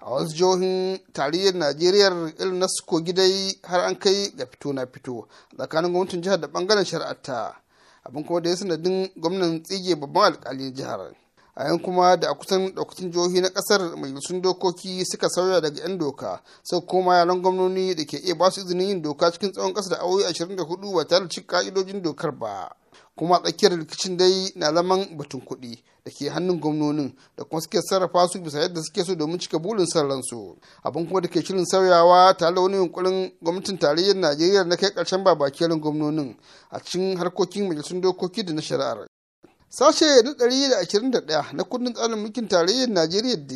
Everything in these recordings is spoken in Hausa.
a wasu jihohin tarayyar najeriya irin na suko gidai har an kai ga fito na fito tsakanin gwamnatin jihar da bangaren shari'ata abin kuma da ya sanadin gwamnan tsige babban alkalin jihar a yan kuma da a kusan daukacin jihohi na kasar mai majalisun dokoki suka sauya daga yan doka sau koma yaran gwamnoni da ke iya basu izinin yin doka cikin tsawon kasa da awoyi 24 ba tare da cika ka'idojin dokar ba kuma tsakiyar rikicin dai na zaman batun kuɗi da ke hannun gwamnonin da kuma suke sarrafa su bisa yadda suke so domin cika burin son ransu abin kuma da ke shirin sauyawa tare da wani yunkurin gwamnatin tarayyar najeriya na kai ƙarshen babakiyarin gwamnonin a cikin harkokin majalisun dokoki da na shari'ar sashe na ɗaya na kundin tsarin mulkin tarayyar najeriya da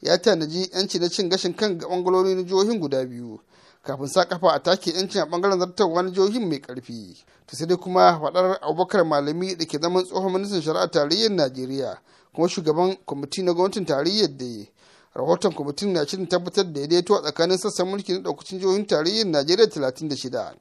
ya tanaji yanci na cin gashin kan bangalori na jihohin guda biyu kafin sa kafa a take yancin a bangaren wani jihohin mai karfi ta sai dai kuma faɗar abubakar malami da ke zaman tsohon ministan shari'a tarayyar najeriya kuma shugaban kwamiti na gwamnatin tarayyar da rahoton kwamitin na shirin tabbatar da daidaito a tsakanin sassan mulki na ɗaukacin jihohin tarayyar najeriya 36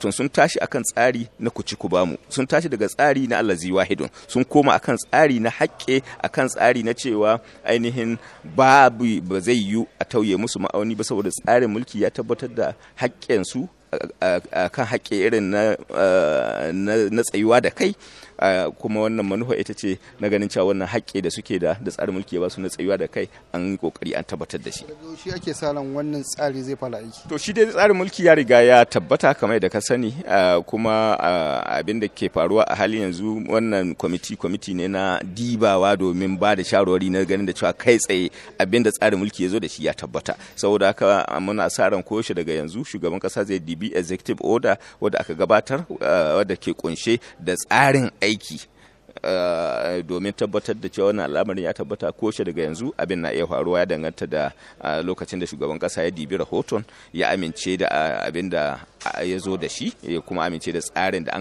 tun sun tashi akan tsari na kuci ku bamu sun tashi daga tsari na allazi wahidun sun koma akan tsari na haƙƙe akan tsari na cewa ainihin babu ba zai yiwu a tauye musu ma'auni ba saboda tsarin mulki ya tabbatar da haƙƙensu akan haƙƙe irin eh, na tsayuwa da kai kuma wannan manufa ita ce na ganin cewa wannan haƙƙi da suke da da tsarin mulki ba su na tsayuwa da kai an yi kokari an tabbatar da shi shi ake salon wannan tsari zai fara aiki to shi dai tsarin mulki ya riga ya tabbata kamar da ka sani kuma abin da ke faruwa a halin yanzu wannan kwamiti kwamiti ne na dibawa domin ba da shawarwari na ganin da cewa kai tsaye abin da tsarin mulki ya zo da shi ya tabbata saboda haka muna sa ran koyaushe daga yanzu shugaban kasa zai dibi executive order wadda aka gabatar wadda ke kunshe da tsarin aiki aiki eh, domin tabbatar da cewa wannan al'amarin ya tabbata ko shi daga yanzu abin na iya faruwa ya danganta da eh, lokacin da shugaban kasa ya dibi rahoton ya amince da eh, abin da ya zo da shi ya kuma amince da tsarin da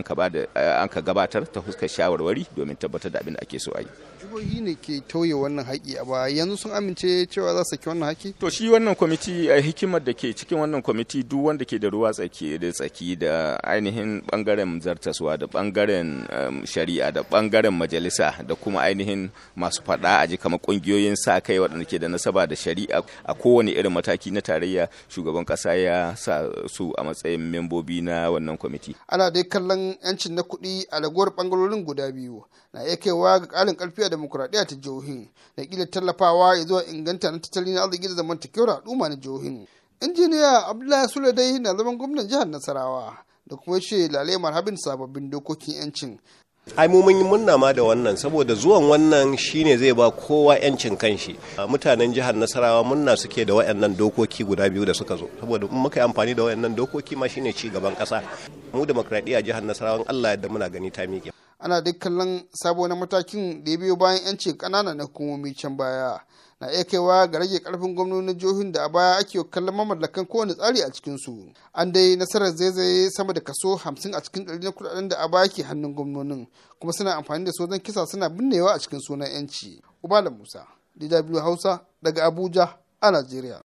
eh, an ka gabatar ta fuskar shawarwari domin tabbatar da abin da ake so a yi. jihohi ne ke tauye wannan haƙi a yanzu sun amince cewa za su saki wannan haƙi. to shi wannan kwamiti a hikimar da ke cikin wannan kwamiti duk wanda ke da ruwa tsaki da tsaki da ainihin bangaren zartaswa da bangaren um, shari'a da bangaren majalisa da kuma ainihin masu faɗa a ji kamar ƙungiyoyin sa kai waɗanda ke da nasaba da shari'a a kowane irin mataki na tarayya shugaban ƙasa ya sa su a matsayin membobi na wannan kwamiti. Ana dai kallon 'yancin na kuɗi a ragowar ɓangarorin guda biyu na iya kaiwa ga ƙarin ƙarfi a demokuraɗiyya ta jihohin da ƙila tallafawa ya zuwa inganta na tattalin arziki da zamantakewar al'umma na jihohin. Injiniya Abdullahi Sule dai na zaman gwamnan jihar Nasarawa da kuma shi lalai marhabin sababbin dokokin 'yancin ai mun yi munna ma da wannan saboda zuwan wannan shine zai ba kowa yancin kanshi mutanen jihar nasarawa munna suke da wayannan dokoki guda biyu da suka zo saboda in muka yi amfani da wayannan dokoki ma shine ci gaban kasa mu demokradiya jihar nasarawa Allah yadda muna gani ta miƙe ana duk kallon sabo na matakin da ya biyo bayan yancin kanana na hukumomi can baya na iya kaiwa ga rage karfin gwamnonin jihohin da a baya ake kallon mamallakan kowane tsari a cikin su. an dai nasarar zaizaye sama da kaso hamsin a cikin ɗari na kudaden da a baya ke hannun gwamnonin kuma suna amfani da sojan kisa suna binnewa a cikin sunan yanci ubala musa dw hausa daga abuja a najeriya